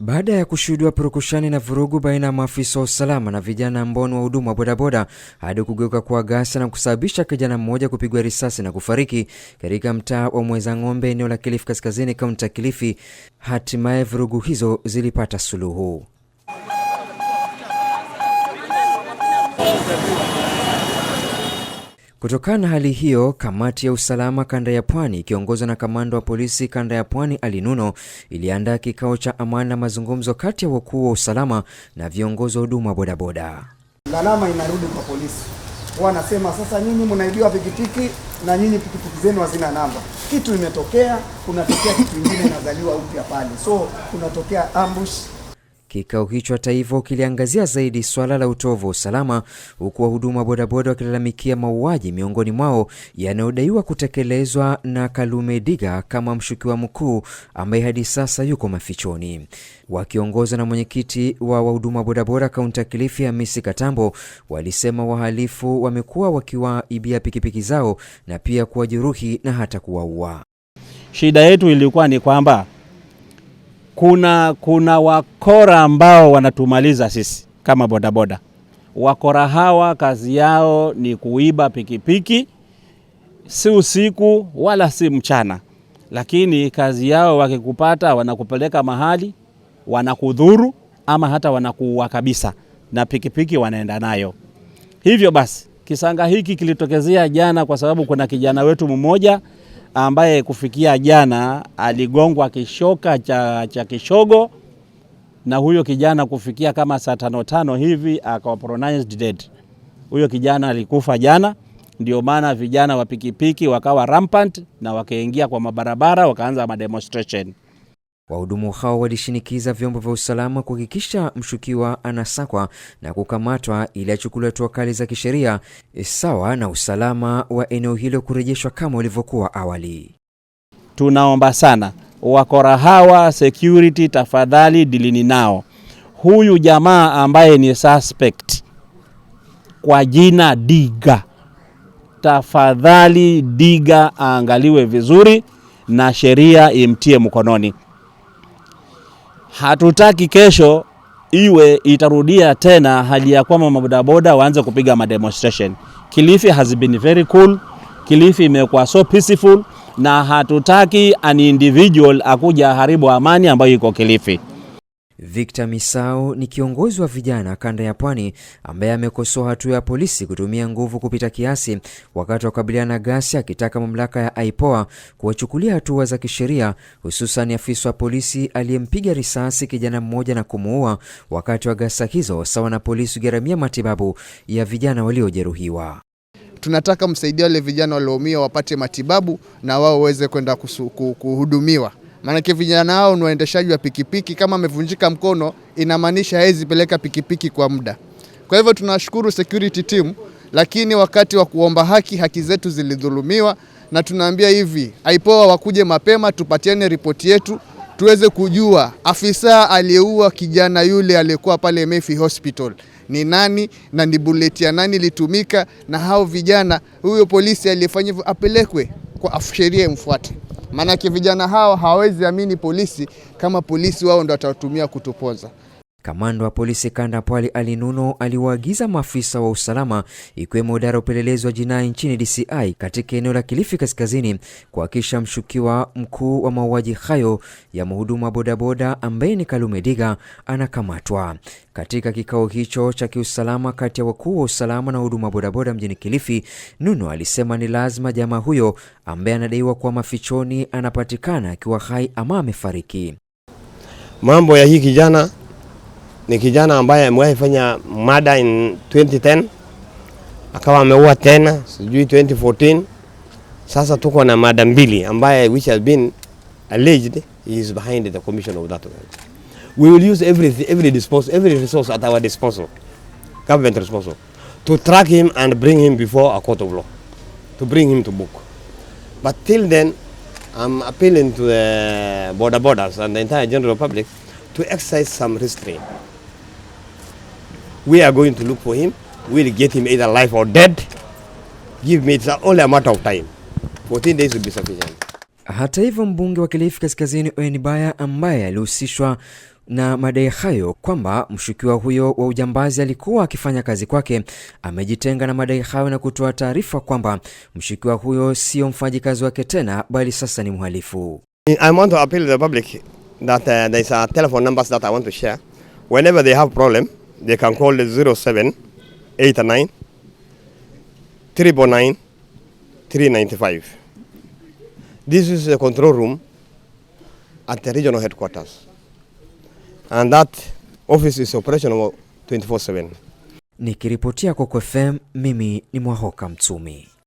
Baada ya kushuhudiwa purukushani na vurugu baina ya maafisa wa usalama na vijana ambao ni wahudumu wa bodaboda hadi kugeuka kwa ghasia na kusababisha kijana mmoja kupigwa risasi na kufariki katika mtaa wa Mweza Ng'ombe, eneo la Kilifi Kaskazini, kaunti ya Kilifi, hatimaye vurugu hizo zilipata suluhu. Kutokana na hali hiyo, kamati ya usalama kanda ya Pwani ikiongozwa na kamanda wa polisi kanda ya Pwani alinuno iliandaa kikao cha amani na mazungumzo kati ya wakuu wa usalama na viongozi wa huduma bodaboda. lalama inarudi kwa polisi, wanasema sasa nyinyi mnaibiwa pikipiki na nyinyi pikipiki zenu hazina namba. Kitu imetokea kunatokea kitu kingine nazaliwa upya pale, so kunatokea ambush Kikao hicho hata hivyo kiliangazia zaidi swala la utovu wa usalama, huku wahudumu wa bodaboda wakilalamikia mauaji miongoni mwao yanayodaiwa kutekelezwa na Kalume Diga kama mshukiwa mkuu ambaye hadi sasa yuko mafichoni. Wakiongozwa na mwenyekiti wa wahudumu wa bodaboda kaunti ya Kilifi, Hamisi Katambo, walisema wahalifu wamekuwa wakiwaibia pikipiki zao na pia kuwajeruhi na hata kuwaua. Shida yetu ilikuwa ni kwamba kuna, kuna wakora ambao wanatumaliza sisi kama bodaboda. Wakora hawa kazi yao ni kuiba pikipiki, si usiku wala si mchana, lakini kazi yao wakikupata, wanakupeleka mahali, wanakudhuru ama hata wanakuua kabisa, na pikipiki wanaenda nayo. Hivyo basi kisanga hiki kilitokezea jana, kwa sababu kuna kijana wetu mmoja ambaye kufikia jana aligongwa kishoka cha, cha kishogo na huyo kijana kufikia kama saa tano tano hivi akawa pronounced dead. Huyo kijana alikufa jana, ndio maana vijana wa pikipiki wakawa rampant na wakaingia kwa mabarabara wakaanza mademonstration. Wahudumu hao walishinikiza vyombo vya usalama kuhakikisha mshukiwa anasakwa na kukamatwa ili achukuliwe hatua kali za kisheria, sawa na usalama wa eneo hilo kurejeshwa kama ulivyokuwa awali. Tunaomba sana wakora hawa security, tafadhali dilini nao. Huyu jamaa ambaye ni suspect kwa jina Diga, tafadhali Diga aangaliwe vizuri na sheria imtie mkononi hatutaki kesho iwe itarudia tena hali ya kwamba mabodaboda waanze kupiga demonstration. Kilifi has been very cool. Kilifi imekuwa so peaceful, na hatutaki an individual akuja haribu amani ambayo iko Kilifi. Victor Misau ni kiongozi wa vijana kanda ya Pwani ambaye amekosoa hatua ya polisi kutumia nguvu kupita kiasi wakati wa kukabiliana na ghasia, akitaka mamlaka ya IPOA kuwachukulia hatua za kisheria, hususan afisa wa polisi aliyempiga risasi kijana mmoja na kumuua wakati wa ghasia hizo, sawa na polisi kugharamia matibabu ya vijana waliojeruhiwa. Tunataka msaidia wale vijana walioumia wapate matibabu na wao waweze kwenda kuhudumiwa. Maanake vijana hao ni waendeshaji wa pikipiki, kama amevunjika mkono inamaanisha hawezi peleka pikipiki kwa muda. Kwa hivyo tunashukuru security team, lakini wakati wa kuomba haki, haki zetu zilidhulumiwa, na tunaambia hivi aipoa wakuje mapema, tupatiane ripoti yetu tuweze kujua afisa aliyeua kijana yule aliyekuwa pale Mefi Hospital ni nani na ni bullet ya nani ilitumika, na hao vijana, huyo polisi aliyefanya hivyo apelekwe kwa sheria imfuate. Maanake vijana hao hawawezi amini polisi kama polisi wao ndo watatumia kutupoza. Kamanda wa polisi kanda Pwali Ali Nuno aliwaagiza maafisa wa usalama ikiwemo idara ya upelelezi wa jinai nchini DCI katika eneo la Kilifi Kaskazini kuhakikisha mshukiwa mkuu wa mauaji hayo ya mhudumu wa bodaboda ambaye ni Kalume Diga anakamatwa. Katika kikao hicho cha kiusalama kati ya wakuu wa usalama na huduma bodaboda mjini Kilifi, Nuno alisema ni lazima jamaa huyo ambaye anadaiwa kuwa mafichoni anapatikana akiwa hai ama amefariki. Mambo ya hii kijana ni kijana ambaye amewahi fanya mada in 2010 akawa ameua tena sijui 2014. Sasa tuko na mada mbili ambaye which has been alleged is behind the commission of that. We will use every every disposal, every resource at our disposal, government disposal, to track him and bring him before a court of law, to bring him to book. But till then, I'm appealing to the border borders and the entire general public to exercise some restraint. We are going to look for him. We'll get him either alive or dead. Give me it's only a matter of time. 14 days will be sufficient. Hata hivyo mbunge wa Kilifi Kaskazini Owen Baya ambaye alihusishwa na madai hayo kwamba mshukiwa huyo wa ujambazi alikuwa akifanya kazi kwake, amejitenga na madai hayo na kutoa taarifa kwamba mshukiwa huyo sio mfanyakazi wake tena, bali sasa ni mhalifu. I want to appeal to the public that uh, there is a telephone numbers that I want to share whenever they have problem They can call the 0789 399 395. This is the control room at the regional headquarters. And that office is operational 24/7. Nikiripotia Coco FM, mimi ni Mwahoka Mtumi.